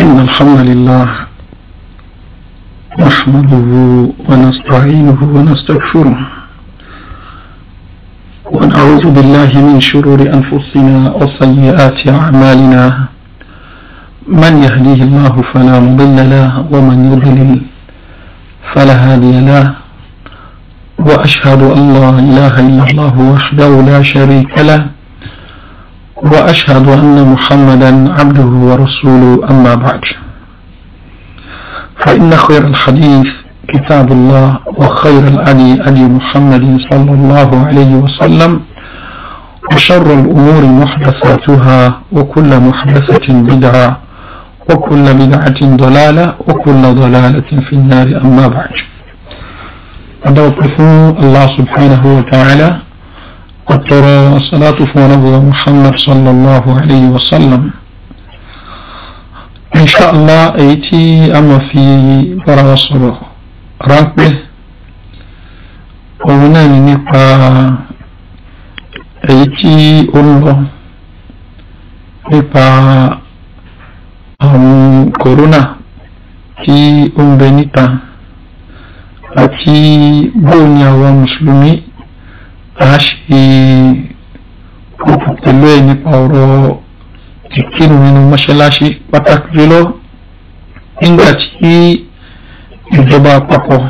إن الحمد لله نحمده ونستعينه ونستغفره ونعوذ بالله من شرور أنفسنا وسيئات أعمالنا من يهديه الله فلا مضل له ومن يضلل فلا هادي له وأشهد أن لا إله إلا الله وحده لا شريك له وأشهد أن محمدا عبده ورسوله أما بعد فإن خير الحديث كتاب الله وخير الأدي أدي محمد صلى الله عليه وسلم وشر الأمور محدثاتها وكل محدثة بدعة وكل بدعة ضلالة وكل ضلالة في النار أما بعد أدعو الله سبحانه وتعالى قد صلاة فنبو محمد صلى الله عليه وسلم إن شاء الله أيتي أما في برا صلوه راكبه ومن نقا أيتي أولو نقا أم كورونا tí أم بنيتا أتي níta ومسلمي a ṣe kókò pẹ̀lú ẹ̀ nípa ọ̀rọ̀ ìkírù nínú mọ́ṣáláṣí pàtàkì jùlọ nígbà tí ìjọba àpapọ̀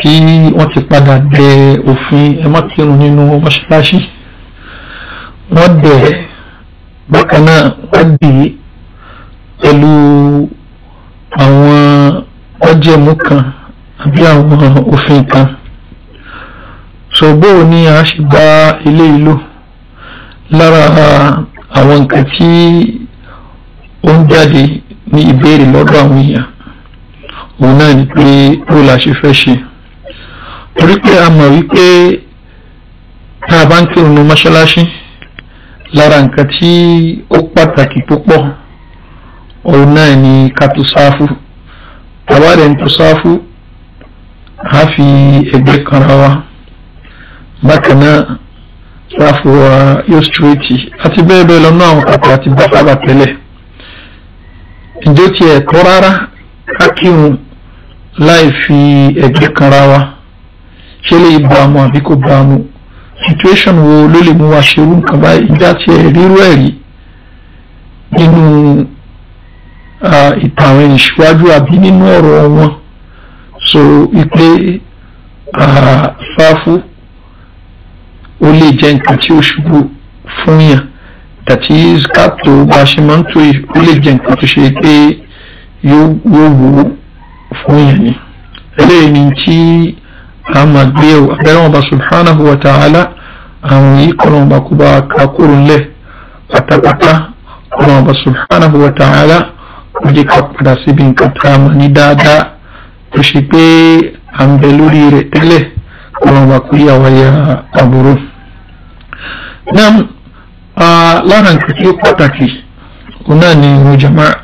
tí wọ́n ti padà dẹ òfin ẹ má kírun nínú mọ́ṣáláṣí wọ́n dẹ̀ bákan náà wọ́n dì í pẹ̀lú àwọn ọjẹ́mú kan àbí àwọn òfin kan sọ̀gbọ́ ni a ṣe gba ilé ìlò lára àwọn nǹkan tí ó ń jáde ní ìbéèrè lọ́dọ̀ àwọn èèyàn òun náà ni pé ó la ṣe fẹ́ ṣe torí pé a mọ̀ wípé tá a bá ń kírun ní mọ́ṣáláṣí lára nǹkan tí ó pàtàkì púpọ̀ òun náà ni ká tó sáfù tàbá rẹ̀ ń tó sáfù á fi ẹgbẹ́ kanra wa bákan náà ráfò wa yóò ṣúrẹ́tì àti bẹ́ẹ̀ bẹ́ẹ̀ lọ́nà àwọn pàtàkì àti bàbá tẹ́lẹ̀ ǹjẹ́ ó tiẹ̀ tọ́ rárá ká kírun láì fi ẹ̀gbẹ́ kanra wa ṣé lè bá mu àbí kò bá mu situation wo ló lè mú wa ṣerú nǹkan báyìí ìjà tiẹ̀ rírú ẹ̀ rí nínú ìtàn àwọn ìṣíwájú àbí nínú ọ̀rọ̀ wọn so ìpè sáfù ó lè jẹ́ nǹkan tí ó ṣubú fún yàn tàbí skáàtò bá ṣe máa ń tó yìí ó lè jẹ́ nǹkan tó ṣe pé yóò wò fún yàn ni eléyìí ni tí a máa gbé ẹ̀wọ̀ abẹ́rẹ́ wọn bá subhanahu wa ta'ala àwọn yìí kọ́ lọ́wọ́ bá kó bá ka kúrò ńlẹ̀ pátápátá kọ́ lọ́wọ́ bá subhanahu wa ta'ala ó jẹ́ ká padà síbi nǹkan tá a máa ní dáadáa tó ṣe pé à ń bẹ lórí rẹ̀ tẹ́lẹ̀ kọ́ lọ́wọ́ bá kó yà àbúrò. نعم لا ننكر كي هنا نجمع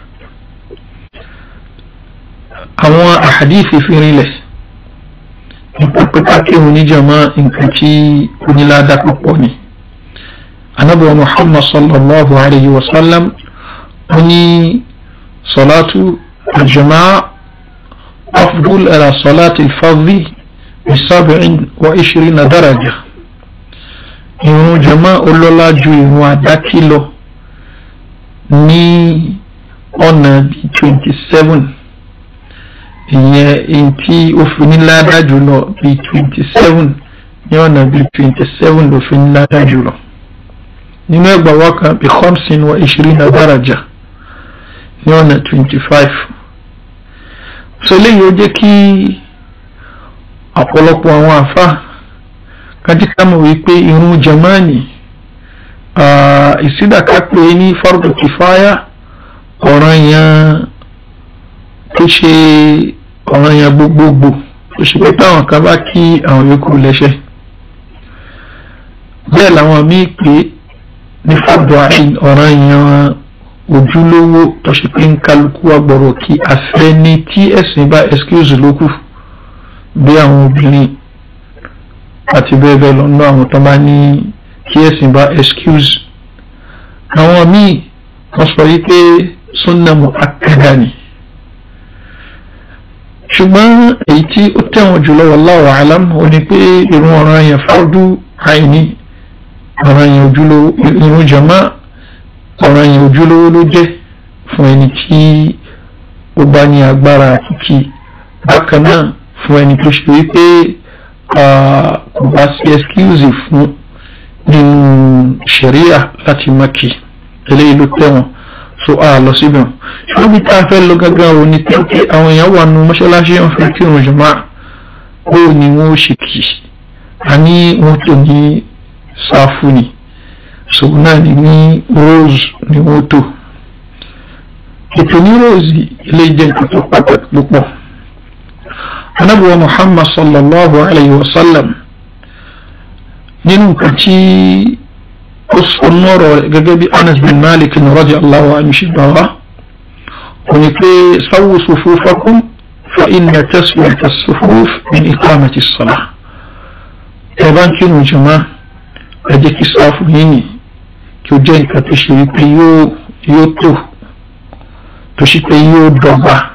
أما أحاديث في ريله نتبتاكي هني جماع إنكتي كني لا دكوني أنا بو محمد صلى الله عليه وسلم هني صلاة الجماعة أفضل إلى صلاة الفضل بسبع وعشرين درجة ìrun jama ọlọ́lá ju ìrun àdákì lọ ní ọ̀nà bíi twenty seven ìyẹn èyí tí ó fi ní ládàá jùlọ twenty seven ní ọ̀nà bíi twenty seven ló fi ní ládàá jùlọ nínú ẹgbà wákà bíi khamsin wa ishirina daraja ní ọ̀nà twenty five so léyìí ó jẹ́ kí ọ̀pọ̀lọpọ̀ àwọn àfáà kájíká mọ̀ wípé irun jamani ìsídàká pé ní fardu kìfáyà ọ̀ranyàn tó ṣe ọ̀ranyàn gbogbogbò tó ṣe pé táwọn kan bá kí àwọn yòókù lẹ́sẹ̀ bẹ́ẹ̀ làwọn míì pé ní fardu ain ọ̀ranyàn ojúlówó tó ṣe pé ń kálukú agbọ̀rọ̀ kí afẹ́ni tí ẹ̀sìn bá excuse lókù bí àwọn obìnrin àti bẹ́ẹ̀ bẹ́ẹ̀ lọ nínú àwọn tó bá ní kí ẹ̀sìn bá excuse àwọn míì wọ́n sọ wípé sunna mu'akkada ni ṣùgbọ́n èyí tí ó tẹ̀wọ̀n jùlọ wallahu alam ò ní pé irun ọ̀ràn yẹn fardu àìní ọ̀ràn yẹn ojúlówó irun jama ọ̀ràn yẹn ojúlówó ló jẹ́ fún ẹni tí ó bá ní agbára àkìkì bákan náà fún ẹni tó ṣe wípé kò bá sí ẹskíwìsì fún nínú ṣẹ̀ríà láti mọ́kì eléyìí ló tẹ̀wọ̀n so a lọ síbẹ̀ ṣùgbọ́n bí tá a fẹ́ lọ gángan ò ní pé kí àwọn èèyàn wà nù mọ́ṣáláṣí wọn fẹ́ kírun jùmọ́ bó ni wọ́n ó ṣe kì í a ní wọ́n tó ní sáfù ni so náà ni ní rose ni wọ́n tó ètò ní rose ilé jẹ́ nǹkan tó pàtàkì púpọ̀. anábùwà muhammad sallallahu alayhi wa sallam nínú nǹkan tí ó sọ nọ́rọ̀ rẹ̀ gẹ́gẹ́ bí anas bin malik radiyallahu anhu ṣe gbà wá kò ní pé sawu sufufakum fa inna taswiyata sufuf min iqamati as-salah ẹ̀ bá ń kírun jùmọ́ ẹ jẹ́ kí sáfù yín ni kí ó jẹ́ nǹkan tó ṣe wípé yóò tó tó ṣe pé yóò dọ́gba.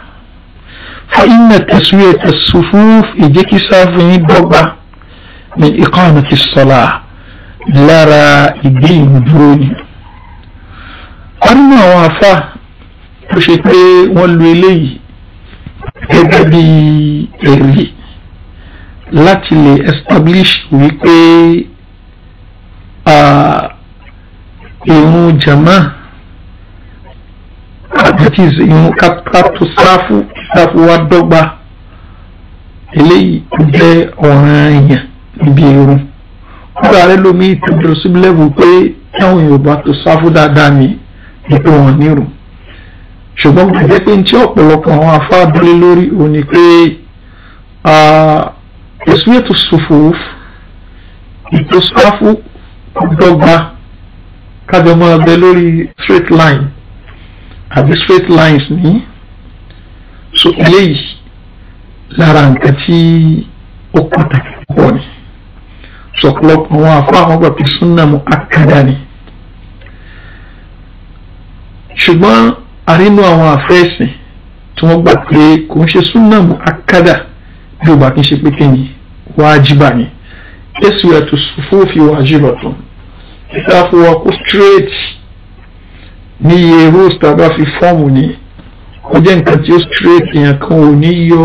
فإن تسوية الصفوف إجيكي سافني بوبا من إقامة الصلاة لرا إدين دروني أرنا وافا وشتي والولي إبدي إري láti lè establish wípé irun jama that is irun kápátó sáfù láfi wá dọ́gba eléyìí jẹ́ ọ̀ràn èèyàn níbi irun kúrò ààrẹ lómi ìtọ́jú síbílẹ̀bù pé táwọn yorùbá tó sáfù dáadáa mi nípa wọn nírun ṣùgbọ́n kò jẹ́ pé tí ọ̀pọ̀lọpọ̀ àwọn afáàdúró lórí òun ni pé ẹ̀sùn ètò sòfòófù ètò sáfù dọ́gba kájọ máa bẹ lórí straight line àbí straight lines ní so eléyìí lára nǹkan tí ó pàtàkì púpọ̀ ni sọ̀pọ̀lọpọ̀ àwọn afọ àwọn gbà pé súnà mu akada ni ṣùgbọ́n àrínú àwọn àfẹ́sìn tí wọ́n gbà pé kò ń ṣe súnà mu akada bí ó bá kí ń ṣe pé kí ni wájibà ni èsì rẹ̀ tó sùfófì wájibà tó ìtàfọwọ́ kó straight ní iye rose tàbá fi fọ́ọ̀mù ni ó jẹ́ nǹkan tí ó straight èèyàn kan ò ní yọ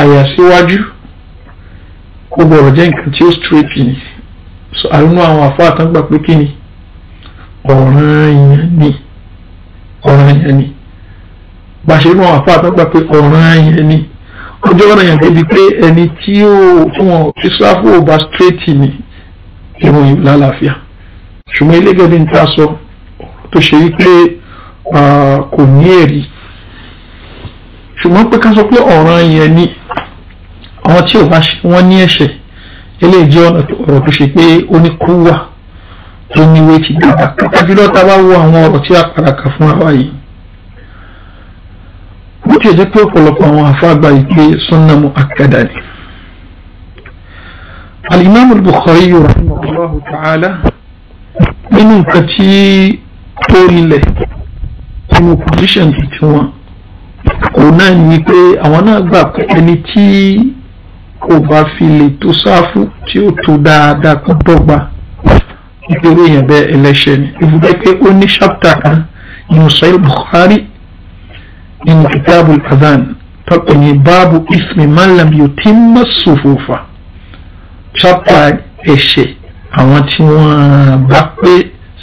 àyà síwájú ó gbọ́dọ̀ jẹ́ nǹkan tí ó straight ni so àrùnú àwọn àfáà kan gbà pé kí ni ọ̀ràn èèyàn ni ọ̀ràn èèyàn ni bàṣẹ inú àwọn àfáà kan gbà pé ọ̀ràn èèyàn ni ọjọ́ ọ̀ràn èèyàn débi pé ẹni tí ó fún ọ tí sáfù ò bá straight ni ìròyìn lálàáfíà ṣùgbọ́n ilé gẹ́gẹ́ bí n ta sọ tó ṣe wípé kò ní ẹ̀rí ṣùgbọ́n pé ká sọ pé ọ̀ràn yẹn ni àwọn tí ò bá ṣe wọ́n ní ẹ̀ṣẹ̀ eléyìí jẹ́ ọ̀nà ọ̀rọ̀ tó ṣe pé ó ní kú wà tó ní wé ti dàgbà pátá jùlọ tá a bá wo àwọn ọ̀rọ̀ tí a padà kà fún àwa yìí bó ti jẹ́ pé ọ̀pọ̀lọpọ̀ àwọn àfáàgbà ìgbé sunna mu akada ni. al-imam al-bukhari rahimahullahu ta'ala nínú nǹkan tí tó rinlẹ̀ irú position tuntun wọn òun náà ni pé àwọn náà gbà pé ẹni tí kò bá fi lè tó sáfù tí ó tó dáadáa kó dọ́gba nítorí èèyàn bẹ́ẹ̀ ẹlẹ́ṣẹ̀ ni ìfúnpẹ́ pé ó ní ṣápítà kan nínú Sahih Bukhari nínú kitabu adhan tọ́pẹ̀ ní báàbù ismi malam yutimma sufufa ṣápítà ẹ̀ṣẹ̀ àwọn tí wọ́n bá pé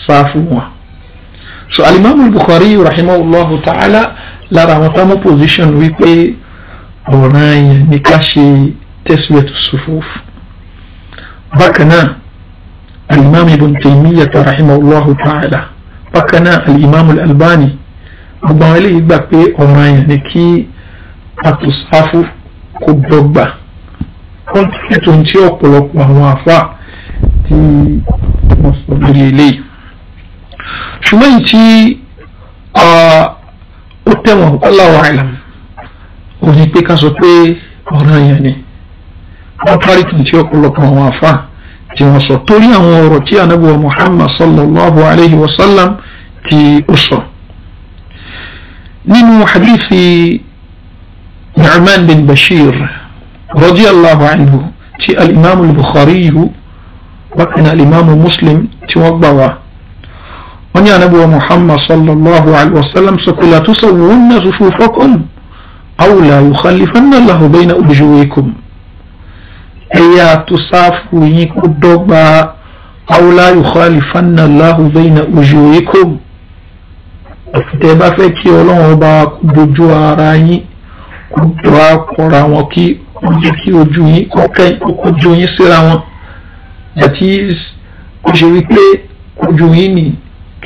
sáfù wọn so alimami Bukhari rahimahullahu ta'ala lára àwọn tá position wípé ọ̀ràn yẹn ní ká ṣe taswiyatu sufuf bákan náà alimami Ibn Taymiyyah rahimahullahu ta'ala bákan náà alimami Albani gbogbo àwọn eléyìí gbà pé ọ̀ràn yẹn ní kí àtòsáfù kò dọ́gba kọ́ńtì tí ọ̀pọ̀lọpọ̀ àwọn àfa tí wọ́n sọ eléyìí ṣùgbọ́n èyí tí ó tẹ̀wọ̀n Allahu a'lam ò ní pé ká sọ pé ọ̀ràn yẹn ni wọ́n parí kì í tí ọ̀pọ̀lọpọ̀ àwọn àfa tí wọ́n sọ torí àwọn ọ̀rọ̀ tí anábìwọ̀ Muhammad sallallahu alayhi wa sallam tí ó sọ. nínú hadithi Nu'man bin Bashir radiyallahu anhu tí al bukhari yìí wákàtí al Muslim tí wọ́n gbà wá wọ́n ní anábíwá muhammad sallallahu alayhi wa sallam sọ pé latusawwunna sufufakum aw la yukhallifanna Allahu bayna wujuhikum ẹ̀yà tó sáfù yín kó dọ́gba aw la yukhallifanna Allahu bayna wujuhikum tẹ́ bá fẹ́ kí ọlọ́run ọba kó dojú ara yín kó dọ́ akọra wọn kí wọ́n jẹ́ kí ojú yín kó kọjú yín síra wọn àti kó ṣe yín nìyí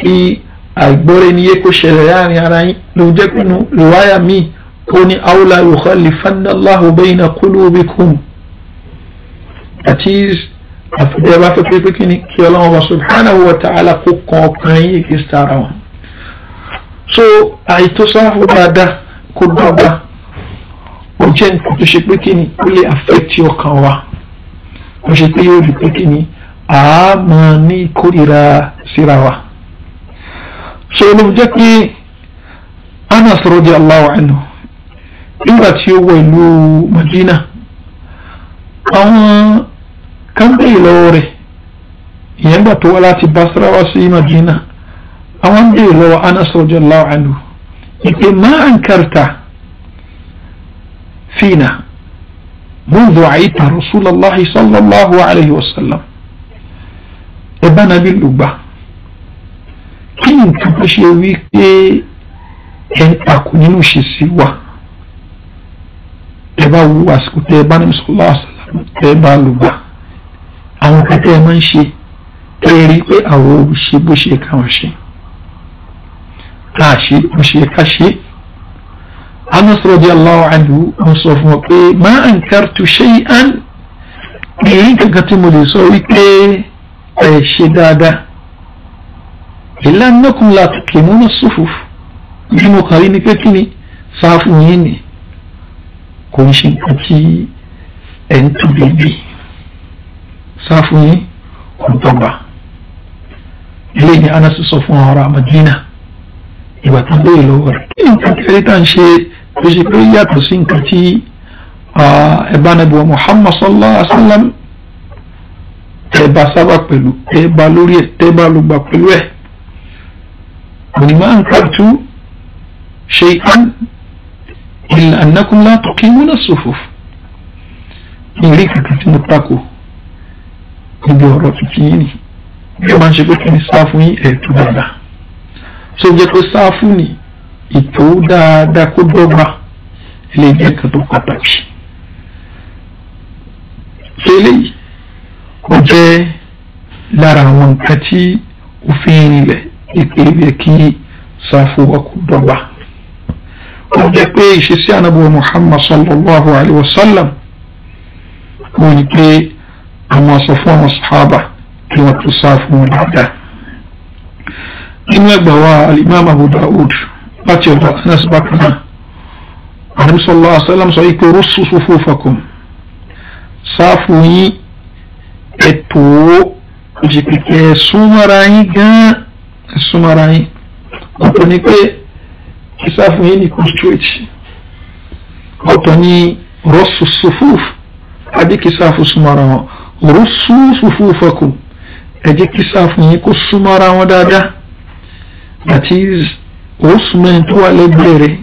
kí àìgbọ́ra ẹni yé kó ṣẹlẹ̀ láàrin ara yín ló jẹ́ pinnu rìwáyà míì ó ní awla yukhalifanna Allahu bayna qulubikum àti àfihàn fẹ́ pé kí ni kí ọlọ́run wa subhanahu wa ta'ala kó kan ọkàn yín kí sára wọn. so àìtó sáfù dáadáa kó dọ́gba ó jẹ́ nǹkan tó ṣe pé kí ni ó lè àfẹ́tì ọkàn wa ó ṣe pé yóò rí pé kí ni àá máa ní ìkórìíra síra wa. so ló jẹ́ pé Anas radiyallahu anhu nígbà tí ó wọ ìlú Madina àwọn kánbẹ́ ìlọ́wọ́ rẹ̀ ìyẹn gbà tó wá láti Basra wá sí Madina àwọn bèèrè lọ́wọ́ Anas radiyallahu anhu ìpè má ankarta fina منذ عيت رسول الله صلى الله عليه وسلم ابن بالأبه kí nǹkan tó ṣe wí pé ẹ̀ ń takò nínú ìṣesí wa tẹ bá wo àsìkò tẹ bá ní sọlá àsàlámù tẹ bá lò gbà àwọn kan tẹ máa ń ṣe tẹ rí pé àwọn olùṣe bó ṣe káwọn ṣe ká ṣe bó ṣe ká ṣe. Anas radiyallahu anhu ń sọ fún wa pé ma ankartu shay'an èyí kankan tí mo lè sọ wípé ẹ̀ ṣe dáadáa ìlà nọ́kùn láti kìmú ní sùfùfù bí mo kàrí ni pé kí ni sáfù yín ni kò ń ṣe nǹkan tí ẹ̀ ń tún bèbè sáfù yín kò dọ́gba ilé ni Anas sọ fún àwọn ará Madina ìgbà tó lóye lọ́wọ́ rẹ̀ kí nǹkan kẹrì tá à ń ṣe tó ṣe pé yàtọ̀ sí nǹkan tí ẹ̀bá nàbẹ̀wò Muhammad sallallahu alaihi wa sallam tẹ́ bá sábà pẹ̀lú tẹ́ bá lórí ẹ̀ tẹ́ bá lùgbà pẹ̀lú ẹ̀. ولما أنكرت شيئا إلا أنكم لا تقيمون الصفوف إليك كنت متاكو níbi ọ̀rọ̀ tuntun yìí ni bí o máa ń ṣe pé kí ni sáfù yín ẹ̀ẹ́dù dáadáa tó jẹ́ pé sáfù ni ètò dáadáa kó dọ́gba ilé jẹ́ kan tó pàtàkì eléyìí ó jẹ́ lára àwọn nǹkan tí òfin rinlẹ̀ ìpèbè kí sáfù wa kò dọ́gba ó jẹ́ pé ìṣesí anábọ̀ Muhammad sallallahu alayhi wa sallam ó ní pé àwọn sọ fún àwọn sàhábà kí wọ́n tó sáfù wọn dáadáa nínú ẹgbàá wa alimami Abu Dawud láti ọ̀dọ̀ Anas bákan náà àrùn sọlọ àṣẹlẹm sọ ike rúṣù sufufakum sáfù yín ètò òjìpìkẹ súnmọ́ra yín gan-an. súnmọ́ra yín ọ̀pọ̀ ni pé ìsáfún yín nìkan straight ọ̀pọ̀ ni rọ́ọ̀sù sùfúùf àbí kí sáfún súnmọ́ra wọn rọ́ọ̀sù sùfúùf ọkùn ẹ jẹ́ kí sáfún yín kó súnmọ́ra wọn dáadáa that is rọ́ọ̀sùmẹ́ni tó wà lẹ́gbẹ̀ẹ́ rẹ̀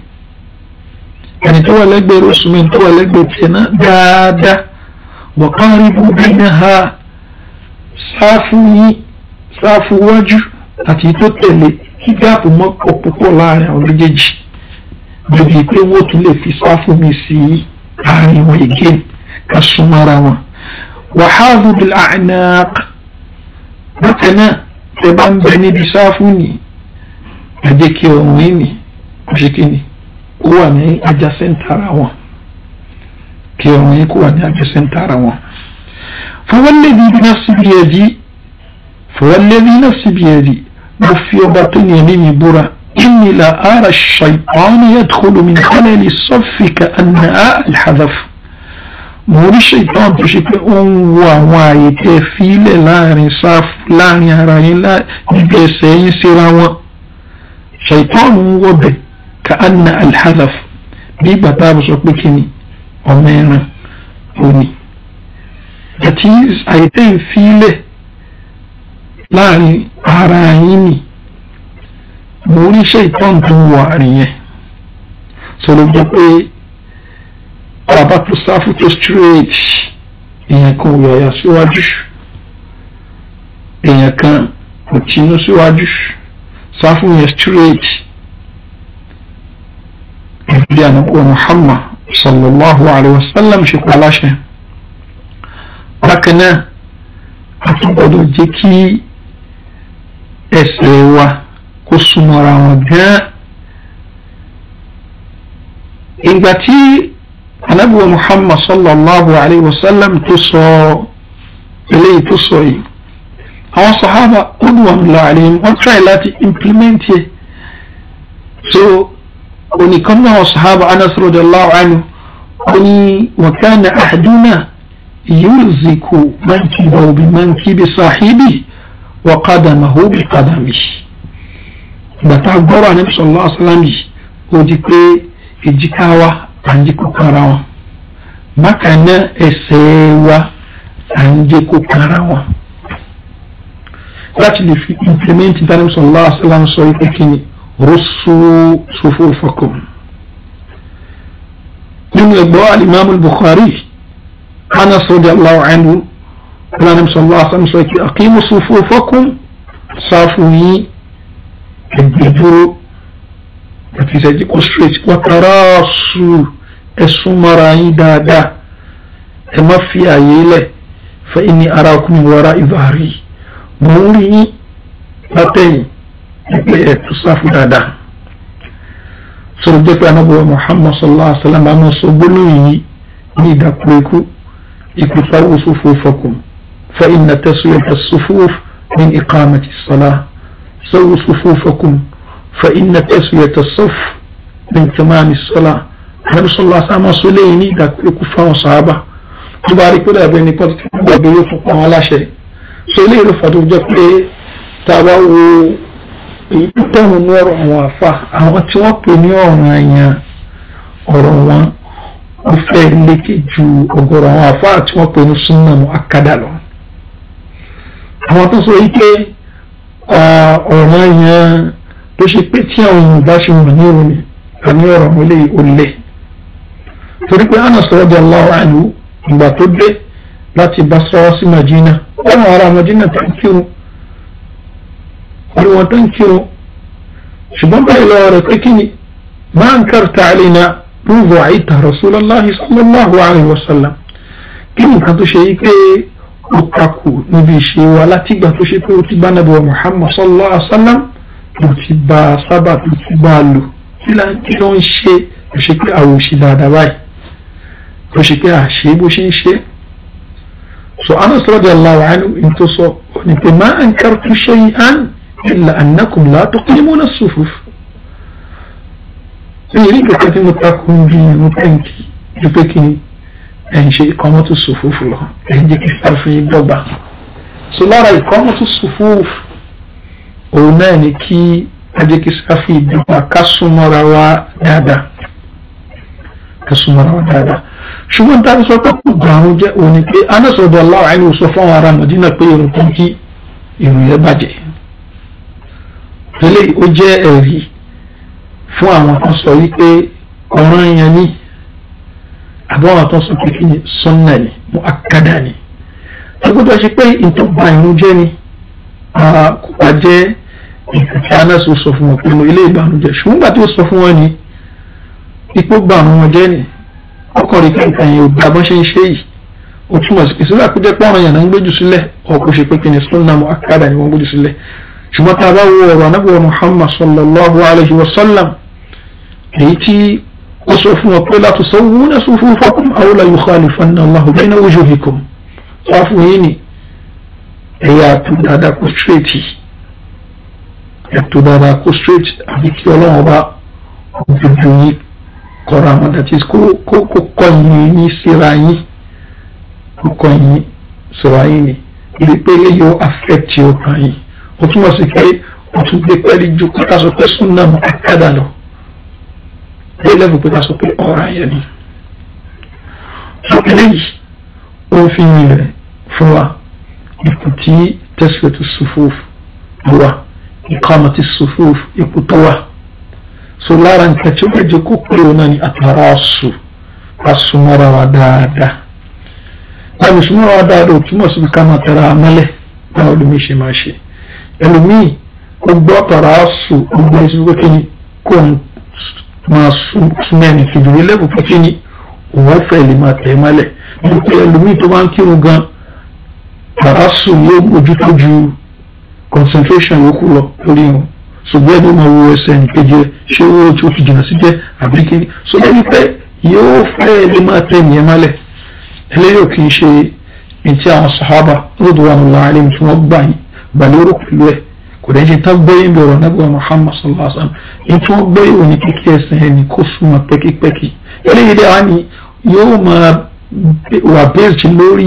ẹni tó wà lẹ́gbẹ̀ẹ́ rọ́ọ̀sùmẹ́ni tó wà lẹ́gbẹ̀ẹ́ tiẹ̀ náà dáadáa wọ́n kọ́ bú bí náà sáfún yín sáfún wájú àti tó tẹ̀lé kí gáàpù mọ́ pọ̀ púpọ̀ láàrin àwọn méjèèjì bèbí pé wọ́n tún lè fi sáfù mi sí àárín wọn again ká súnmọ́ ara wọn. wàhálù bil a'naq bákan náà tẹ bá ń bẹ níbi sáfù ni àjẹ kí ọ̀run yìí ni kò ṣe kí ni ó wà ní adjacent ara wọn kí ọ̀run yìí kó wà ní adjacent ara wọn. fawalladhi bi nafsihi biyadihi. والذي نفسي بيدي وفي بطن يميني برا إني لا أرى الشيطان يدخل من خلال الصف كأنها الحذف موري الشيطان تشكي أوا واي تفيل لا رصاف لا يراي لا يبسين سراوة شيطان وبه كأن الحذف bí bàbá àbùsọ pé kí ni ọmọ ẹran òní that is àìtẹ́ ìfilẹ̀ láàrin ara yín nì mo ríṣẹ́ ìtọ́n tó ń wọ àárín yẹn sọ̀rọ̀ jẹ́ pé bàbá tó sáfù tó straight èèyàn kan yọ̀yà síwájú èèyàn kan kò tinú síwájú sáfù yẹn straight ìbílẹ̀ ànákò Muhammad sallallahu alayhi wa sallam ṣe kọ́ aláṣẹ bákan náà a tún gbọ́dọ̀ jẹ́ kí ẹsẹ̀ wa kó súnmọ́ra wọn gan-an. ìgbà tí anábìwọ̀ Muhammad sallallahu alayhi wa sallam tó sọ eléyìí tó sọ yìí àwọn sahaba ọdúnwàmùlá àlẹ́yìn wọ́n try láti implement yẹ e. so onìkan náà wọ́n sahaba Anas radiyallahu anhu wọ́n ní wa kana ahaduna yulziku mankibahu bi mankibi sahibihi. وقدمه بقدمه بتاع جرى النبي صلى الله عليه وسلم وديك إيه؟ اجكاوا عندك كراوا ما كان اسوا عندك كراوا actually في you implement that in صلى الله عليه وسلم so you رسو صفوفكم من يقبع الإمام البخاري أنس رضي الله عنه قال نعم، النبي صلى الله عليه وسلم أقيموا صفوفكم صافوني الدجور كفيسة كسرج وتراسوا السمراء دادا أما في آيلة فإني أراكم من وراء ظهري موري أتي تصافوا دادا sọ̀rọ̀dẹ́pẹ́ anábọ̀wọ̀ Muhammad sallallahu alaihi wasallam àmọ́ sọ gbólóyìn ní ìdàkùrẹ́kù ìkùfà wọ́sọ̀fọ́fọ́kùn فإن تسوية الصفوف من إقامة الصلاة سووا صفوفكم فإن تسوية الصف من تمام الصلاة النبي صلى الله عليه وسلم سليني ذاك الكفار وصحابة تبارك الله بين قد تبدو فقه على شيء سليل فدو جبه تباو ìtọ́hún ní ọ̀rọ̀ wọn àfa àwọn tí wọ́n pè ní ọ̀ràn àyàn ọ̀rọ̀ wọn ó fẹ́ ọ̀gọ̀rọ̀ àwọn àfa tí wọ́n pè ní súnmọ́ akádà lọ àwọn tó sọ wípé ọ̀rọ̀ yẹn tó ṣe pé tí àwọn yorùbá ṣe wà ní òní àní ọ̀rọ̀ àwọn ilé olè torí pé Anas radiyallahu anhu ìgbà tó dé láti Basra wá sí Madina ọ̀rọ̀ ara Madina tó ń kírun ọ̀rọ̀ wọn tó ń kírun ṣùgbọ́n báyìí lọ́wọ́ rẹ̀ pé kí ni máa ń kárta àlena búrúbù àìta Rasulullahi sallallahu alaihi wasallam kí nìkan tó ṣe yí pé ó takò níbi ìṣe wa látìgbà tó ṣe pé ó ti bá nàbẹ̀wò Muhammad sallallahu alayhi wa sallam ló ti bá a sábà tó ti bá a lò kí ló ń ṣe kò ṣe pé àwọn òṣì dáadáa báyìí kò ṣe pé àṣe bó ṣe ń ṣe. so Anas radiyallahu anhu in tó sọ ó ní pé ma ankartu shay'an illa annakum la tuqimuna as-sufuf. èyí rí kankan tí mo takò ń bí mo pẹ́ǹkì ju pé kí ni. ẹ ń ṣe ìkọ́mọ́tò sùfúfù lọ ẹ ń jẹ́ kí sáfù yín dọ́gba so lára ìkọ́mọ́tò sùfúfù òun náà ni kí ajẹ́ kí sáfù yín dọ́gba wa dáadáa ká wa dáadáa ṣùgbọ́n tá a sọ pé kò gbà àwọn jẹ́ òun ni pé anásọ̀dọ̀ aláwọ̀ ẹni ò sọ fún àwọn ará Mọ̀dínà pé irun tó kí irun yẹn bàjẹ́ eléyìí ó jẹ́ ẹ̀rí fún àwọn kan sọ wípé ọ̀ràn yẹn ní àbọ̀wọ̀n tó sọ pé kí ni sunna ni muakkada ni agbọ́dọ̀ ṣe pé ìtọ́ ba ìrúnjẹ́ ni kò bá jẹ́ ìkàtí anas sọ fún wọn pinnu ilé ìbànújẹ́ ṣùgbọ́n gbà tó sọ fún wọn ni ipò gba àwọn ọmọ jẹ́ ni ọkùnrin kankan yẹn ò gba bọ́n ṣe ń ṣe yìí ó túmọ̀ sí ìṣúná àpéjẹ́ pé àwọn yàrá ń gbójú sílẹ̀ ọkọ̀ ṣe pé kí ni sunna muakkada ni wọ́n gbójú sílẹ̀ ṣùgbọ́n tá a bá wo ọ̀rọ̀ anábọ̀ Muhammad sallallahu alayhi wa sallam èyí tí wọ́n sọ fún wọn pé láti sawwuna sufufakum aw la yukhalifanna Allahu bayna wujuhikum wá fún yín ni ẹ̀yà tó dáadáa kó straight ẹ̀tọ́ dáadáa kó straight àbí kí ọlọ́run ọba òjòjò yín kọ́ra àwọn that is kó kọ́ yín ní síra yín kó kọ́ yín síra yín ni ilé pé yóò affect ọkàn yín ó túmọ̀ sí pé ó tún gbé pẹ́ẹ́lí ju kọ́tà sọ pé súnà mọ́ àkàdà lọ dé lẹ́bù pé ká sọ pé ọ̀rọ̀ ayẹ ni sọ eléyìí ó fi yin rẹ̀ fún wa ipò tí tẹ́sílẹ̀tì sùfúf ló wà ìkàmọ̀tì sùfúf ipò tó wà so lára nǹkan tí ó lè jẹ́ kó pé òun náà ni àtàrà ọ̀sùn ká súnmọ́ra wa dáadáa láti súnmọ́ra wa dáadáa ò túmọ̀ sí ká máa tẹ̀ra amálẹ̀ báwo ló mi ṣe máa ṣe ẹlòmíì ó gbọ́ àtàrà ọ̀sùn ó gbọ́ ìṣúgbó kí ni kò ń máa súnmọ́ ẹni kejì orí lẹ́bù pẹ́kí ni òun fẹ́ lè máa tẹ̀ mọ́lẹ̀ ní pé ẹlòmíì tó máa ń kírun gan bàbá sùn yóò mójútójú concentration yòókù lọ lórí wọn ṣùgbọ́n ẹni máa wo ẹsẹ̀ nìkejì ṣé owó tí ó fi jìnnà sí jẹ́ àbí kiri so lẹ́yìn pé yóò fẹ́ lè máa tẹ̀ nìyẹn mọ́lẹ̀ eléyìí kì í ṣe ní àwọn sàhábà rògbòdìwà nùlá àlẹ́ mi tí wọ́n gbà lérò pẹ̀lú ẹ̀ kò dẹ́ ṣe tán gbé ìlú ọ̀rọ̀ nábì wa Muhammad sallallahu alaihi wa sallam ní tí wọ́n gbé ìwò ní kíkí ẹsẹ̀ ẹni kó súnmọ́ pẹ́kípẹ́kí eléyìí dẹ́ wá ní yóò máa wà bẹ́ẹ̀sì lórí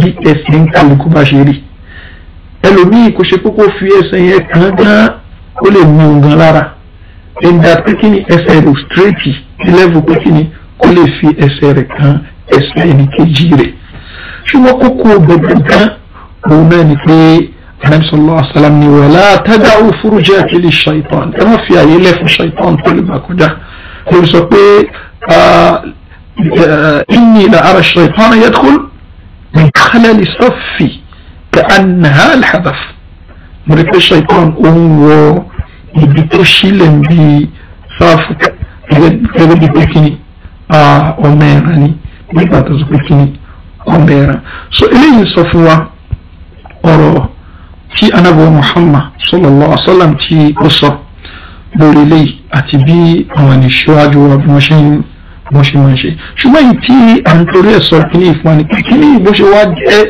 bí ẹsẹ̀ ń kálukú bá ṣe rí ẹlòmíì kò ṣe kókó fi ẹsẹ̀ yẹn kàn gan ó lè mú un gan lára ẹ̀dá pẹ́kíní ẹsẹ̀ rò straight level pẹ́kíní kó lè fi ẹsẹ̀ rẹ̀ kàn ẹsẹ̀ ẹnì kejì rẹ̀ ṣùgbọ́n ni pé النبي صلى الله عليه وسلم ولا تدعوا فرجات للشيطان اما في اي لف الشيطان كل ما كدا يرسقي آه، آه، اني لا ارى الشيطان يدخل من خلال صفي كانها الحذف مريت الشيطان هو يدتشي لندي صافك كذا بيتكني اه اوميراني بيتكني اوميرا سو اليه صفوه اورو tí anábọ̀ Muhammad sallallahu alaihi wasallam tí ó sọ lórí ilé àti bí àwọn ìṣíwájú wa bí wọ́n ṣe ń wọ́n ṣe wọ́n ṣe ṣùgbọ́n èyí tí à ń torí ẹ̀ sọ kíní ìfún ni kíní bó ṣe wá jẹ́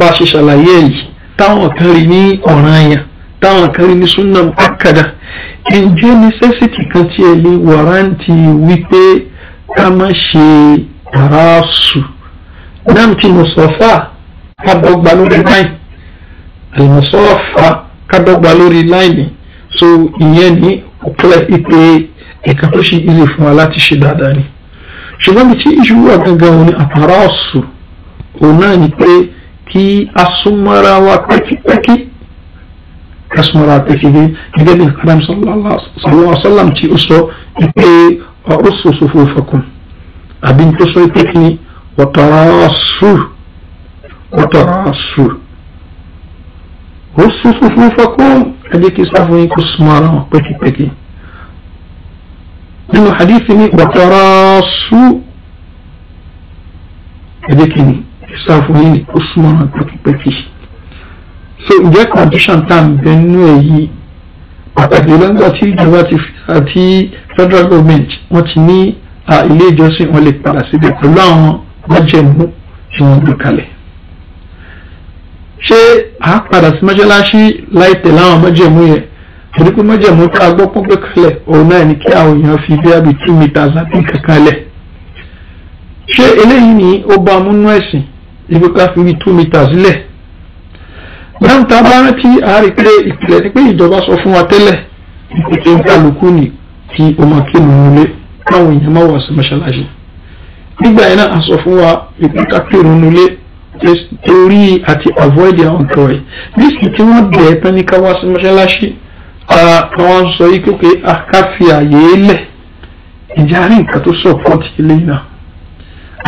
bá a ṣe ṣàlàyé yìí táwọn kan rí ní ọ̀ràn àyàn táwọn kan rí ní súnà akada ǹjẹ́ necessity kan tí ẹ lè wàrántì wípé ká má ṣe tààsù náà tí mo sọ fà á bọ́ gbanú bíi báyìí àlùmọ́sọ́ọ̀fà kádọ́gba lórí láìní so ìyẹn ní ọ̀pẹ́ ìpè ẹ̀ka tó ṣe ilé fún wa láti ṣe dáadáa ni ṣùgbọ́n bí tí iṣu wà gangan òun ni àpárá ọ̀sùn òun náà ni pé kí a wa pẹ́kípẹ́kí ká súnmọ́ra wa pẹ́kípẹ́kí gẹ́gẹ́ bí adam sallallahu sallam tí ó sọ pé ọ̀rọ̀sọ̀ sufufakum àbí tó sọ pé kí ni wọ́tọ̀rọ̀ sùn wọ́tọ̀rọ̀ sùn ó sún funfun fakún ẹ jẹ́ kí sáfù yín kó súnmọ́ ara wọn pẹ́kípẹ́kí nínú hadithi ní wàtàrà sú ẹ kí ni sáfù yín kó súnmọ́ ara pẹ́kípẹ́kí so ǹjẹ́ condition tá à ń bẹ nínú èyí pàtàkì lọ́gbà tí ìjọba àti federal government wọ́n ti ní ilé ìjọsìn wọn lè padà síbẹ̀ pẹ̀lú àwọn májẹ̀mú tí wọ́n gbé kalẹ̀ ṣé a padà sí mọ́ṣáláṣí láì tẹ̀lé àwọn mọ́jẹ̀mú yẹn torí pé mọ́jẹ̀mú tá a gbọ́ pọ́n pé kalẹ̀ òun náà ni kí àwọn èèyàn fi bí àbí two meters àti kankanlẹ̀ ṣé eléyìí ni ó bá múnú ẹ̀sìn ibi ká fi bí two meters lẹ̀ báyìí bá rántí àárí pé ìpìlẹ̀ ni pé ìjọba sọ fún wa tẹ́lẹ̀ ìpètè kálukú ni kí o máa kí lòun lé káwọn èèyàn má wà sí mọ́ṣáláṣí nígbà yẹn náà a sọ fún wa ìpínká kí lòun lé torí àti avoid àwọn nǹkan rẹ̀ nísìnyí tí wọ́n bẹ̀ ẹ́ tán ní ká wá sí mọ́ṣáláṣí àwọn ah, sọ yìí kókè àkáfí ah, àyè lẹ̀ ìjà rí nǹkan tó support ilé náà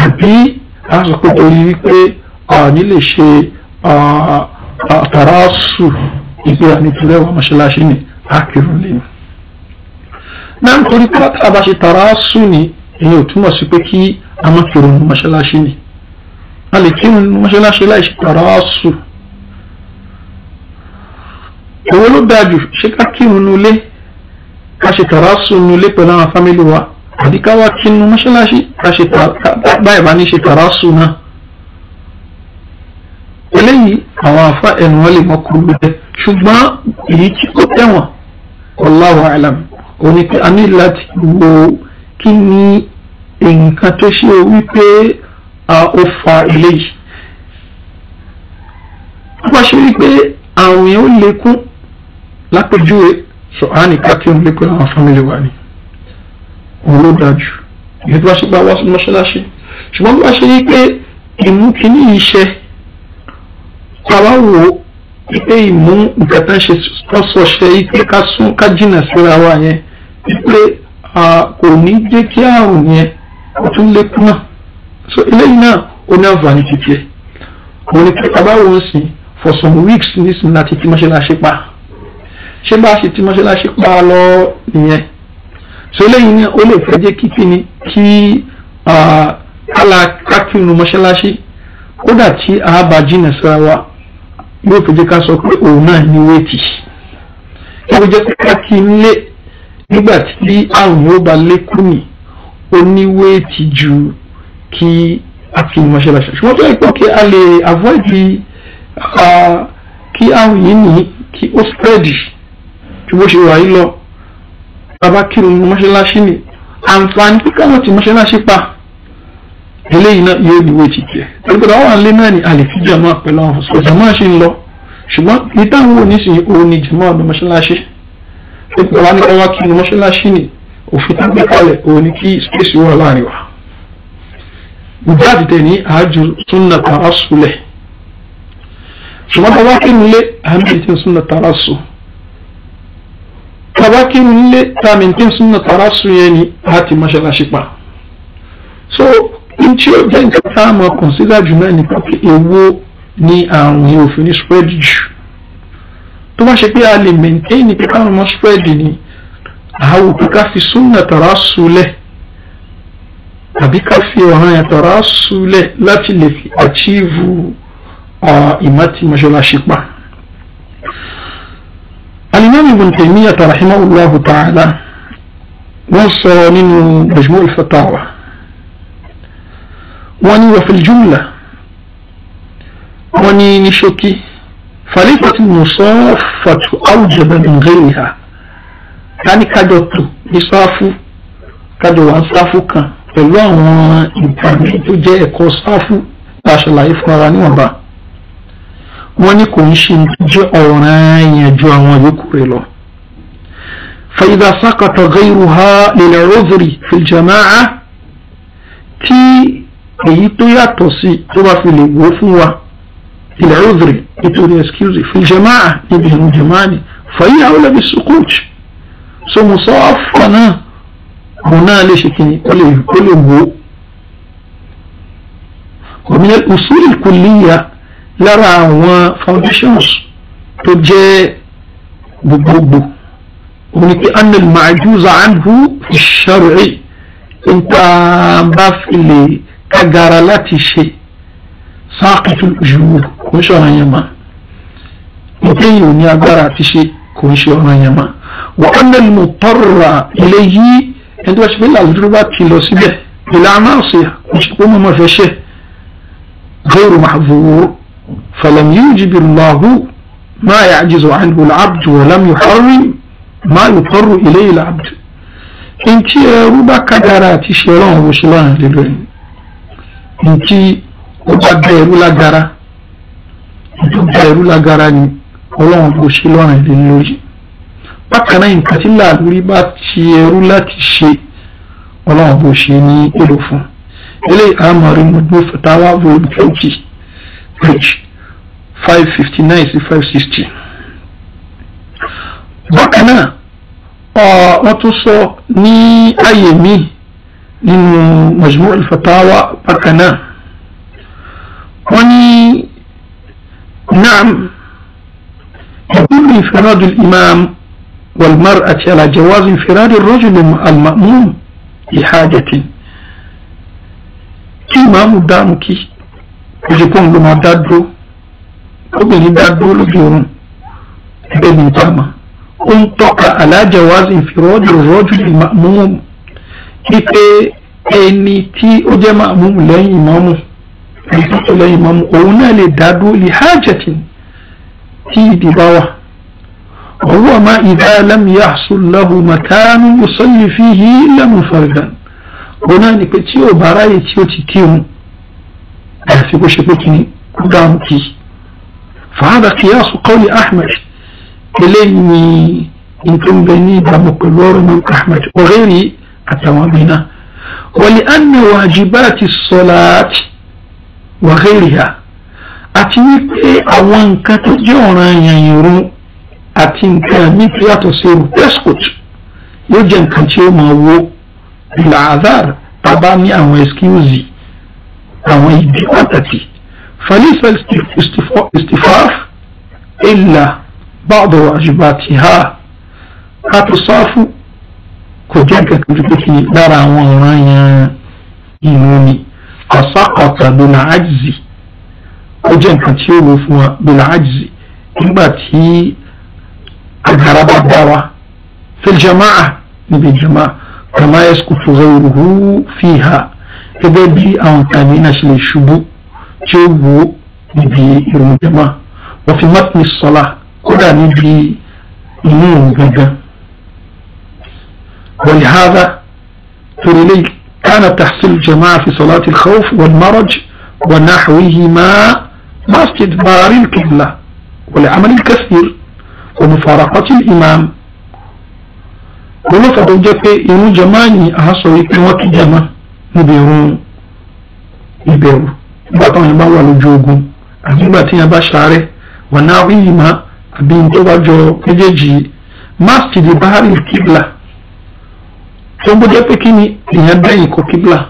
àbí àwọn pé torí wípé àní lè ṣe àtàràsù ah, ìgbéra nítorí ẹwà mọ́ṣáláṣí ni àkìrún lè ní. náà nítorí pátá bá ṣe tàràsù ni èyí ò túmọ̀ sí pé kí a má kìrún mọ́ṣáláṣí ni a lè kí mọ́ṣáláṣí láì ṣe tàràásù owó ló dáa jù ṣé ká kírun nulé ká ṣe tàràásù nulé pẹ̀lú àwọn fámìlì wa àbí ká wá kí mọ́ṣáláṣí ká ṣe báyìí bá ní ṣe tàràásù náà eléyìí àwọn àfa ẹnu wọn lè mọ kúrú lẹ ṣùgbọ́n èyí tí kò tẹ̀wọ̀n Allahu alam òní pé a ní láti wo kí ni nǹkan tó ṣe wípé ó fa eléyìí wọ́n bá ṣe wípé àwọn yẹn ó lékún lápèjúwe ṣọ̀hánì kákíọ̀n lékún àwọn fámìlì wa ni òun ló dájú ìyẹn tó bá ṣe gba wá sí mọ́ṣáláṣí ṣùgbọ́n bá ṣe wípé ìmú kíní iṣẹ́ pàwá wo pé ìmú nǹkan tán ṣe sọ́sọ̀ṣẹ́ ipe ká sún ká jìnà síra wa yẹn pé kò ní jẹ́ kí àrùn yẹn ó tún lékún náà so eléyìí náà ó ní àǹfààní títí ẹ̀ ni pé abáwo ń sìn for some weeks nísìnyí láti tí mọ́ṣáláṣí pa ṣé bá a ṣe tí mọ́ṣáláṣí pa lọ nìyẹn so eléyìí náà ó lè fẹ́ jẹ́ kí kíni kí kálá kákínú mọ́ṣáláṣí kódà tí a bá jìnnà síra wa yóò fi jẹ́ ká sọ pé òun náà ní wéètì ó jẹ́ pé kákí lé nígbà tí àrùn yóò bá lékún ní oníwéètì ju kí a kí mọ́ṣáláṣí ṣùgbọ́n tó yẹ pé kí a lè avoid kí àwọn yìí ní kí ó spread ju bó ṣe wà yìí lọ bàbá kírun mọ́ṣáláṣí ni àǹfààní kíkà náà ti mọ́ṣáláṣí pa eléyìí náà yóò ní wéjì jẹ ẹgbẹ́dọ̀ àwọn alẹ́ náà ni àlèkí jàmáà pẹ̀lú àwọn sọ̀rọ̀ jàmáà ṣe ń lọ ṣùgbọ́n ní táwọn oníṣìí òun ni jàmáà ọ̀dọ̀ mọ́ṣáláṣí pípẹ́ wa ní ọwọ́ kí ni mọ́ṣáláṣí ni òfin tó gbé kalẹ̀ òun ni kí space wà láàrin wa gbáàdì tẹ̀ ní àájú súnà tààrà sùlẹ̀ ṣùgbọ́n tàbá kí nílé àmìntín súnà tààrà sù tàbá kí nílé tàmìntín súnà tààrà sù yẹn ni àti mọ́ṣáláṣí pa so n tí ó jẹ́ nǹkan tá a mọ̀ kọ̀nsídà jù náà ní pàtó èwo ni àrùn yìí òfin ní spread jù tó bá ṣe pé a lè maintain ní pípa àrùn mọ́ spread ni àwòkúká fi súnà tààrà sùlẹ̀ abikafi wahan ya tara súlẹ̀ láti lè fi achieve ìmọ̀tí mọ́ṣáláṣí pa. alimami ibn Taymiyyah rahimahullahu ta'ala wọ́n sọ nínú majmu' al-fatawa wọ́n ní wa fil jumla wọ́n ní ní ṣókí falifati musafatu awjaba min ghayriha ká ní kájọ tó ní sáfù kájọ wà ń sáfù kan pẹ̀lú àwọn ìpàdé tó jẹ́ ẹ̀kọ́ sáfù tá a ṣàlàyé fún ara níwọ̀nba wọ́n ní kò ń ṣe jẹ́ ọ̀ràn yẹn ju àwọn yòókù rẹ̀ lọ. فإذا سقط غيرها للعذر في الجماعة tí èyí tó yàtọ̀ sí tó bá fi lè wó fún wa للعذر nítorí excuse في الجماعة níbi ìrìn jama'a ni فهي أولى بالسقوط so musaffa náà هنا هنالك كل هو ومن الأصول الكلية لرا و فاونديشنز توجه بوبوبو ونكي أن المعجوز عنه في الشرع انت باف اللي كجارة لا تشي ساقط الأجور كونشو هنيما يتيو نيا جارة تشي كونشو هنيما وأن المضطر إليه ẹni tó bá ṣe pé làwùjọ bá ti lọ síbẹ̀ ìlànà àṣẹ òṣìkò mọ̀mọ́ fẹ́ ṣe غير محظور فلم يوجب الله ما يعجز عنه العبد ولم يحرم ما يضطر إليه العبد ntí ẹrú bá kádàrá àti ṣe ọlọ́run bó ṣe lọ́rùn lé lórí ntí ó bá bẹ ẹrú lágara ó bá ẹrú lágara ni ọlọ́run bó ṣe lọ́rùn lé lórí. bákan náà nǹkan tí làlórí bá ti ẹrú láti ṣe ọlọ́run bó ṣe ní èlò fún eléyìí àmọ̀rí mọ̀jú fatawa vol twenty page five fifty sí 560. sixty. bákan náà wọ́n tún sọ ní àyè mi nínú majmu' fatawa bákan náà wọ́n ní naam يدل انفراد الإمام والمرأة على جواز انفراد الرجل المأموم لحاجة كما مدامك يكون لما دادرو قبل دادرو لجورن بني تاما انطق على جواز انفراد الرجل المأموم إفي إني تي أجا مأموم لي إمامه لتطلع إمامه أونا لدادرو لحاجة تي دي باوه هو ما إذا لم يحصل له مكان يصلي فيه إلا منفردا هنا تيو براي تيو تيو أهفكو شبكني قدامتي فهذا قياس قول أحمد إليني إن كن بني دمك من أحمد وغيري التوابين ولأن واجبات الصلاة وغيرها أتيك أوان كتجونا ينيرون àti nǹkan mi tó yàtọ̀ sí irú pescot yóò jẹ́ nǹkan tí ó máa wó ìlà azar tábà ní àwọn ẹskíwùzì àwọn ibi pàtàkì falisa istifaf ìlà báàdọ̀ àjùbà ti ha kátó sáfù kò jẹ́ nǹkan kan tó kí lára àwọn ọ̀ràn yẹn ìlú ni àsákọ̀tà bìlà àjìzì ó jẹ́ nǹkan tí ó wó fún wa bìlà àjìzì nígbà tí كذب الدعوة في الجماعة نبي الجماعة كما يسقط غيره فيها gẹ́gẹ́ بي àwọn kan ní náà نبي lè ṣubú tí ó wo níbi irun jama wọ́n ولهذا تريلي كان تحصل الجماعة في صلاة الخوف والمرج ونحوهما مسجد بار القبلة ولعمل الكثير onífarakọ́tì imam olófàdó jẹ́ pé irun jama ni a sọ wípé wọ́n kí jama níbi irun ìbẹ̀rù nígbà táwọn yẹn bá wà lójú ogun àbí nígbà tí yẹn bá ṣàárẹ̀ wọn náà rí ìmọ̀ àbí tó bá jọ méjèèjì masjid bahari kibla tó gbọ́dọ̀ pé kí ni ìyẹn bẹ́yìn kọ kibla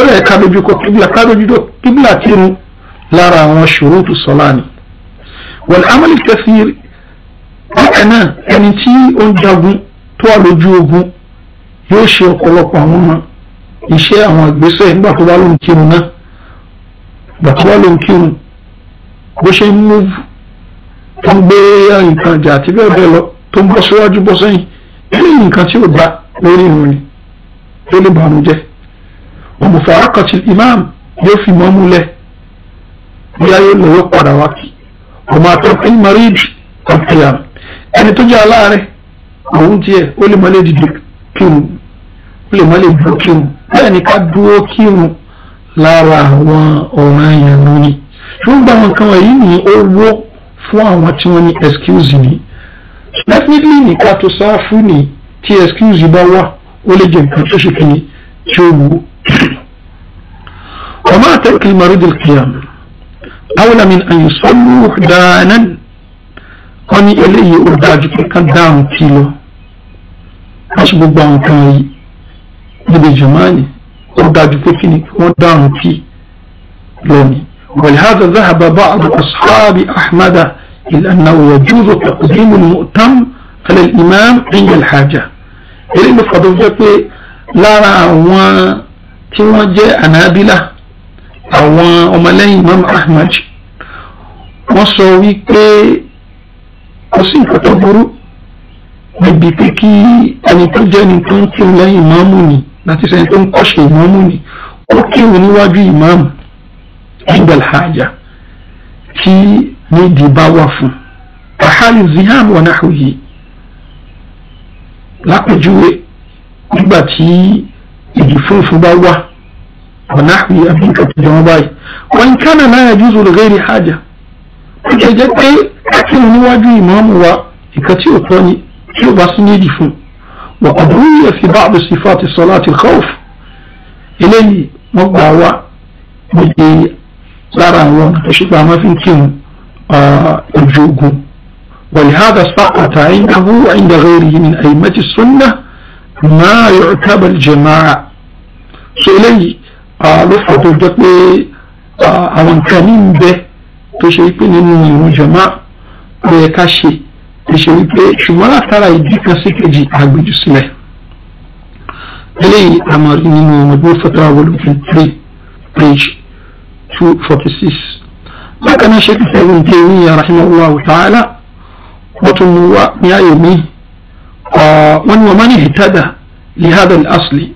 ó lè ká lójú kọ kibla ká lójú kibla tìrun lára àwọn ṣòro tó sọ láàánú wọn amẹ́lì kẹsì bákan náà ẹni tí ó ń jagun tó wà lójú ogun yóò ṣe ọ̀pọ̀lọpọ̀ àwọn iṣẹ́ àwọn ìgbésẹ̀ nígbà tó bá lóun kírun náà nígbà tó bá lóun kírun bó ṣe ń múvù tó ń gbé nǹkan ìjà àti bẹ́ẹ̀ bẹ́ẹ̀ lọ tó ń bọ́ síwájú bọ́ sẹ́yìn eléyìí nǹkan tí ò fi mọ́ múlẹ̀ lọ́wọ́ padà wá kí ọmọ àtọ́kùn marid ẹni tó jẹ́ aláàárẹ̀ àwọn tiẹ̀ ó lè mọ́lẹ̀ dìde kírun ó lè mọ́lẹ̀ dúró kírun bẹ́ẹ̀ ni ká dúró kírun lára àwọn ọ̀ràn èèyàn lónìí ṣùgbọ́n àwọn kan wọ̀nyí ni ó wó fún àwọn tí wọ́n ní excuse ni definitely ní ká tó sá fún ni tí excuse bá wà ó lè jẹ́ nǹkan tó ṣe kìíní tí ó wù ú. وما ترك المريض القيام أولى من أن يصلوا وحدانا wọ́n ní eléyìí ó dájú pé ká dáhùn kí lọ aṣọ gbogbo àwọn kan yìí níbi jùmọ́ni ó dájú pé kí ni wọ́n dáhùn kí lónìí ولهذا ذهب بعض أصحاب أحمد إلى أنه يجوز تقديم المؤتم على الإمام عند الحاجة eléyìí ló fàdó jẹ́ pé lára àwọn tí wọ́n jẹ́ ànábílà àwọn ọmọlẹ́yìn Imam Ahmad wọ́n sọ wípé kò sí nǹkan tó burú níbi pé kí ẹni tó jẹ́ ni tó ń kírun lẹ́yìn ìmáàmù ni láti sẹ́ni tó ń kọ́ṣe ìmáàmù ni ó kírun níwájú ìmáàmù ẹgbẹ̀l hajà tí nídìí bá wà fún wàhálì ziham wà náà yìí lápèjúwe nígbà tí ìdí funfun bá wà wà náà yìí àbí nǹkan tó jẹ́ báyìí wọn kánà náà yà jùzù lè rẹ́rì ó ṣe jẹ́ pé kí òun níwájú ìmáàmù wa ìkan tí ò tọ́ ni tí ò bá sí ní èdè fún wà ọ̀dọ́rùn yẹ fi bá àbùsí fa ti sọ láti khawf eléyìí wọ́n gbà wá gbèdé lára àwọn ọ̀nà tó ṣùgbọ́n àwọn fi ń kírun ojú ogun ولهذا سقط عنده عند غيره من أئمة السنة ما يعتبر جماعة سؤالي لفظ الجد àwọn nǹkan ní ń bẹ tó ṣe wípé nínú ìrun jọmọ́ ló yẹ ká ṣe tó ṣe wípé ṣùgbọ́n látara ìdí kan sí kejì àgbèjù sílẹ̀ eléyìí àmọ̀rí nínú ọmọdún fọ́tọ́ àwọlùfún three page two forty six bákan náà ṣe kí sẹ́gun tẹ̀ ní rahimahullahu ta'ala wọ́n tún mú wá ní ayò mi wọ́n ní wọ́n máa ní ìtajà lihada al-asli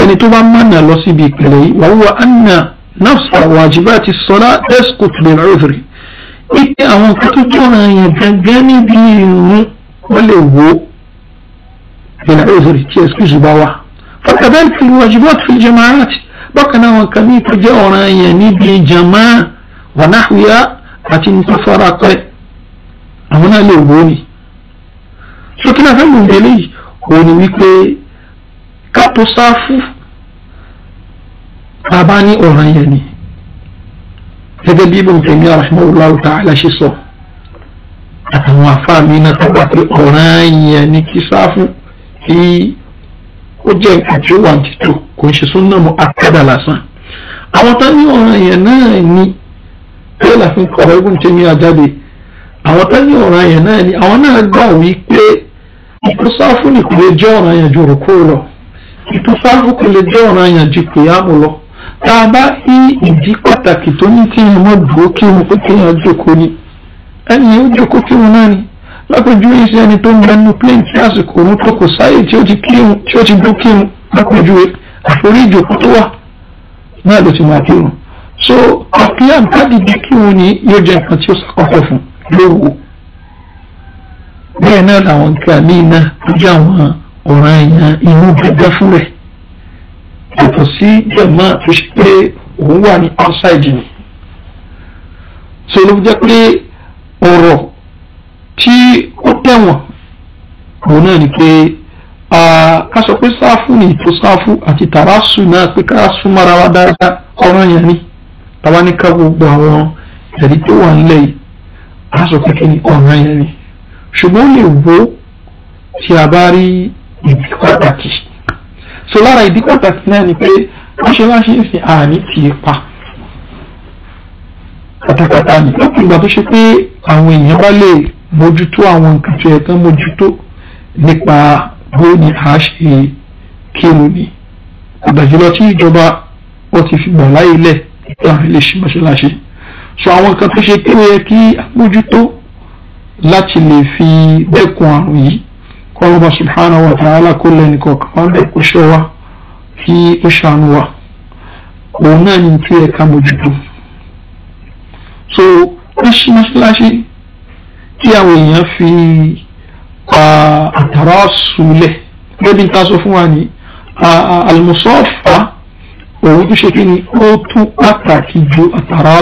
ẹni tó bá mọ̀nà lọ síbi ìpìlẹ̀ yìí wàhùwà anna. نفس واجبات الصلاة تسقط للعذر إتي أهو كتبتنا يدقاني بيوني واللي بالعذر تيسكش بوا فكذلك الواجبات في الجماعات بقنا وكمي تجاونا يعني بجماعة ونحويا أتن تفرق هنا لغوني شكنا فهم بلي هوني ويكوي كاتو صافو bàbá ní ọ̀ràn yẹn ni gẹ́gẹ́ bí ibùn tèmi rahimahullahu ta'ala ṣe sọ àtàwọn àfáàmì iná tó wà pé ọ̀ràn yẹn ni kí sáfù kí ó jẹ́ nǹkan tí ó wà títò kò ń ṣe súnà mu akádà lásán àwọn tá ní ọ̀ràn yẹn náà ni pé láfi kọ̀rọ̀ ibùn tèmi àjáde àwọn tá ní ọ̀ràn yẹn náà ni àwọn náà gbà wí pé ìtúsáfù nìkúlẹ̀ jẹ́ ọ̀ràn yẹn ju òrùkú lọ ìtúsáfù kúlẹ̀ jẹ́ ọ̀ràn yẹn ju kìyàmù lọ tá a bá rí ìdí pàtàkì tó ní kí èèyàn mọ̀ dúró kí wọn pé kéèyàn jókòó ni ẹni yóò jókòó kí wọn náà ni lápẹjú iṣẹ́ ẹni tó ń gbẹnu plane tí àsìkò òun tó kò sáyè tí ó ti kírun tí ó ti dún kírun lápẹjú àforí ìjókòó tó wà náà ló ti máa kírun so àfihàn kádìdí kírun ni yóò jẹ nǹkan tí ó sàkọ́kọ́ fún lóru bẹ́ẹ̀ náà làwọn nǹkan míì náà tó jẹ́ àwọn ọ̀ràn èèyàn inú gbẹgbẹ́ fún rẹ̀ yàtọ̀ sí jẹ̀mọ́ tó ṣe pé òun wà ní outside ni so ló jẹ́ pé ọ̀rọ̀ tí ó tẹ̀wọ̀n òun náà ni pé ká sọ pé sáfù ni ètò sáfù àti tàràsù náà pé ká sún mọ́ra wa dáadáa ọ̀ràn yẹn ni tàbá ní ká gbogbo àwọn ẹ̀rí tó wà nílẹ̀ yìí á sọ pé kí ni ọ̀ràn yẹn ni ṣùgbọ́n ó lè wo tí a bá rí ìdí pàtàkì so lára ìdí pàtàkì náà ni pé wọ́n ṣe ń sin àní tì pa pátápátá ni lópin ìgbà tó ṣe pé àwọn èèyàn bá lè mójútó àwọn nǹkan tó yẹ kán mójútó nípa bó ni a ṣe kírun ni àgbàjùlọ tí ìjọba wọn ti fi gbọ̀n láyé lẹ̀ nípa ilé ṣe mọ́ṣáláṣí so àwọn nǹkan tó ṣe pé ó yẹ kí a mójútó láti lè fi dẹ́kun àrùn yìí kọ́lọ́bà subhanahu wa ta'ala kó lẹ́nu kọ̀ọ̀kan wọn bẹ̀ kó ṣọ́ wa kí ó ṣàánú wa òun náà ní tí ẹ̀ka mójútó so ṣí mọ́ṣáláṣí tí àwọn èèyàn fi àtàrà sùlẹ̀ bẹ́ẹ̀ni ta sọ fún wa ní àlùmọ́sọ́ọ̀fà òun tó ṣe kí ni ó tún pàtàkì ju àtàrà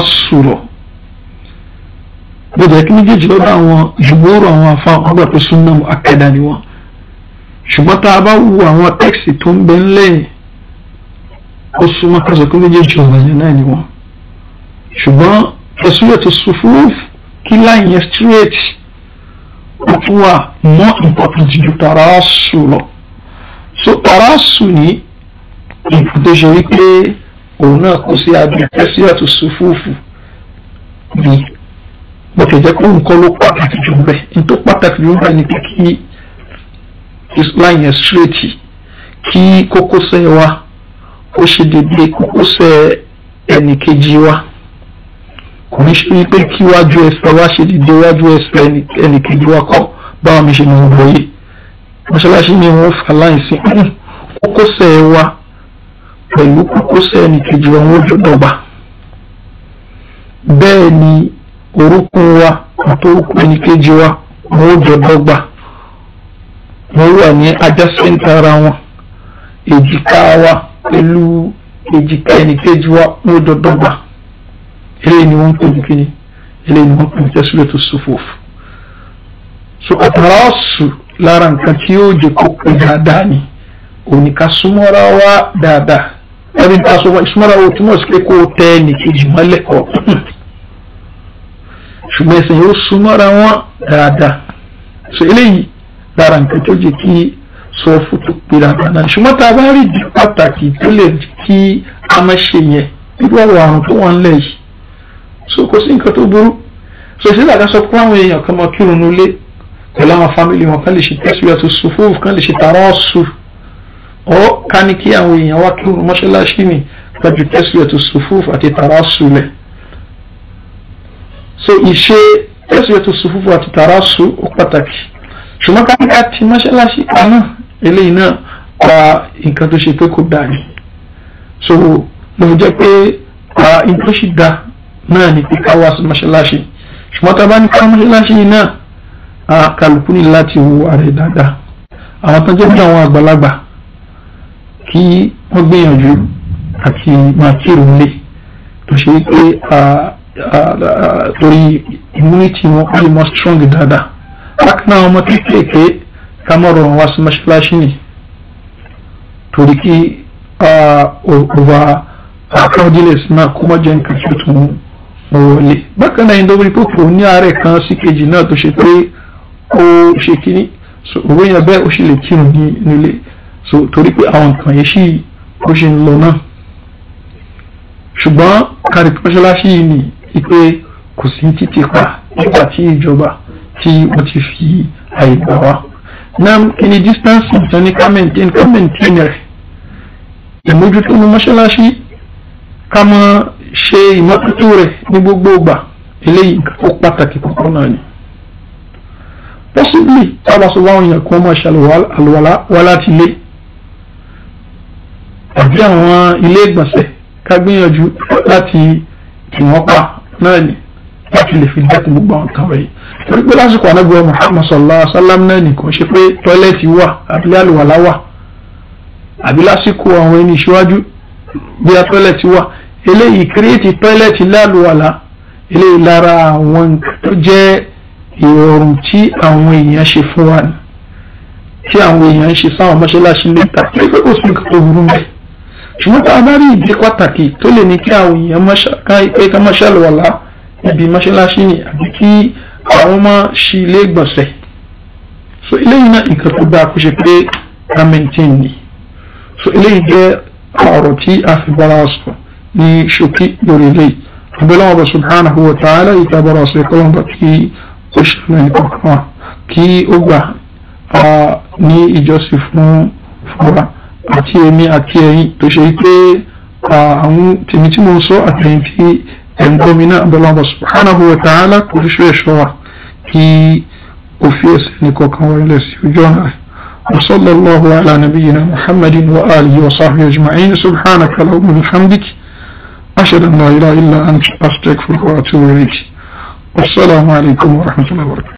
ṣùgbọ́n tá a bá wo àwọn tẹ́kìsì tó ń bẹ ńlẹ̀ ó súnmọ́ ká sọ pé méjèèjì ọ̀rọ̀ yẹn náà ni wọ́n ṣùgbọ́n ẹ̀sùrẹ̀tì sùfúrúfù kí láìyẹn straight ó fún wa mọ́ important ju tàràsù lọ so tàràsù ní nǹkan tó ṣe wípé òun náà kó sí abẹ́ ẹ̀sùrẹ̀tì sùfúrúfù bí bọ̀tẹ̀jẹ́ kó nǹkan ló pàtàkì jù bẹ́ẹ̀ ní tó pàtàkì jù bẹ́ẹ̀ ni pé kí line yẹn straight kí kókósẹ̀ wa ó ṣe dédé kókósẹ̀ ẹnìkejì wa kò ní ṣe wípé kí wájú ẹsẹ̀ wa ṣe dédé wájú ẹsẹ̀ ẹnìkejì wa kọ́ báwọn mi ṣe ní wọ́n wọ̀nyí mọ́ṣáláṣí ni wọ́n fà láì sí kókósẹ̀ wa pẹ̀lú kókósẹ̀ ẹnìkejì wa wọ́n jọ dọ́gba bẹ́ẹ̀ ni orúkún wa àti orúkún ẹnìkejì wa wọ́n jọ dọ́gba wọ́n wà ní adjacent ara wọn èjìká wa pẹ̀lú èjìká ẹnìkejì wa wọ́n dọ́dọ́gba eléyìí ni wọ́n ń pè ní kíni eléyìí ni wọ́n ń pè ní tẹ́sílẹ̀tò sùfòfò so àtàràsù lára nǹkan tí yóò jẹ kó pé dáadáa ni òní ká súnmọ́ra wa dáadáa ẹni tá a sọ ìsúnmọ́ra wo túmọ̀ sí pé kó o tẹ ẹnìkejì mọ́lẹ̀ kọ́ ṣùgbọ́n ẹsẹ̀ yóò súnmọ́ra wọn dáadáa so eléyìí lára nǹkan tó jẹ́ kí sọ́ọ̀fù tó pera bàná ṣùgbọ́n tá a bá rí ìdí pàtàkì tó lè kí a má ṣe yẹn irú ọ̀rọ̀ àrùn tó wà ńlẹ̀ yìí so kò sí nǹkan tó burú so ṣé làdá sọ pé àwọn èèyàn kan máa kírun nulẹ̀ pẹ̀lú àwọn fámìlì wọn kan lè ṣe tẹ́síwẹ́tò sùfúùfù kan lè ṣe tààrọ́ sùfù ọ ká ní kí àwọn èèyàn wá kírun mọ́ṣáláṣí ni pẹ̀lú tẹ́sílẹ̀tù sùfúfù àti tàràsùlẹ̀ so ìṣe tẹ́sílẹ̀tù sùfúfù àti tàràsù ó pàtàkì ṣùgbọ́n ká ní ká ti mọ́ṣáláṣí pa náà eléyìí náà pa nǹkan tó ṣe da kò ni so mo jẹ́ pé pa nǹkan ṣì dáa náà ni pé ká wá sí mọ́ṣáláṣí ṣùgbọ́n tá a bá ní ká mọ́ṣáláṣí náà kálukú ní láti wo ààrẹ dáadáa àwọn tó ń jẹ́ bí àwọn àgbàlagbà kí wọ́n gbìyànjú àti máa kírun lé tó ṣe pé torí immunity wọn ó lè strong dada kákínà ọmọ kéékèèké ká mọ̀ rọrùn wá sí mọ́ṣáláṣí ni torí kí ọba àkàndínlẹ̀ sí náà kó mọ̀ jẹ́ nǹkan tó tún wọlé. bákan náà kan sí kejì náà tó ṣe pé ó ṣe kínní so òwe yẹn bẹ́ẹ̀ ó sì lè kírun ní nílé so torí pé àwọn nǹkan yẹn sì bó ṣe ń lọ náà ṣùgbọ́n kárí mọ́ṣáláṣí ni ìpè kò sí títì pa nígbà tí ìjọba tí wọ́n ti fi àyè wá. náà kí ni distance tó ní ká maintain ká maintain rẹ̀ ìmójútó ní mọ́ṣáláṣí ká máa ṣe ìmọ́tótó rẹ̀ ní gbogbo ìgbà eléyìí ó pàtàkì púpọ̀ náà ni. possibly tábà sọ wáwọn èèyàn kan máa ṣàlùwàlá wá láti ilé àbí àwọn ilé ìgbọ̀nsẹ̀ ká gbìyànjú láti tì náà ni láti lè fi dẹ́kun gbogbo àwọn kan wọ̀nyí. torí pé lásìkò anábìyàn Muhammad sallallahu alayhi wa sallam náà nìkan ṣe pé tọ́lẹ́tì wà àbílẹ̀ àlùwàlá wà àbí lásìkò àwọn ẹni ìṣíwájú bí a tọ́lẹ́tì wà eléyìí kírètì tọ́lẹ́tì lálùwàlá eléyìí lára àwọn nǹkan tó jẹ́ ìrọ̀rùn tí àwọn èèyàn ṣe fún wa ni tí àwọn èèyàn ń ṣe sáwọn mọ́ṣáláṣí lẹ́ta pé ó sì kò burú mẹ́ ṣùgbọ́n tá a bá rí ìdí pàtàkì tó lè ní kí àwọn èèyàn pé ká mọ́ṣáláwàlá ibi mọ́ṣáláṣí ni àbí kí àwọn ọmọ ṣí ilé ìgbọ̀nsẹ̀ so eléyìí náà nǹkan tó dáa kó ṣe pé ramentin ni so eléyìí jẹ́ ọ̀rọ̀ tí a fi bára sọ ní ṣókí lórí eléyìí abẹ́lẹ́ ọ̀rọ̀ subhanahu wa ta'ala ìta bára sọ ẹ̀kọ́ lọ́nà tí ó ṣẹlẹ̀ nìkan kan kí ó gbà ní ìjọsìn fún fúnra àti èmi àti ẹ̀yin tó ṣe pé àwọn tèmi tí mo sọ àtẹ̀yìn tí dominant de l'Allah subhanahu wa ta'ala pour les choses qui وفي اسنك وكوالس وجونا وصلى الله على نبينا محمد وآله وصحبه أجمعين سبحانك اللهم وبحمدك أشهد أن لا إله إلا أنت أستغفرك وأتوب إليك والسلام عليكم ورحمة الله وبركاته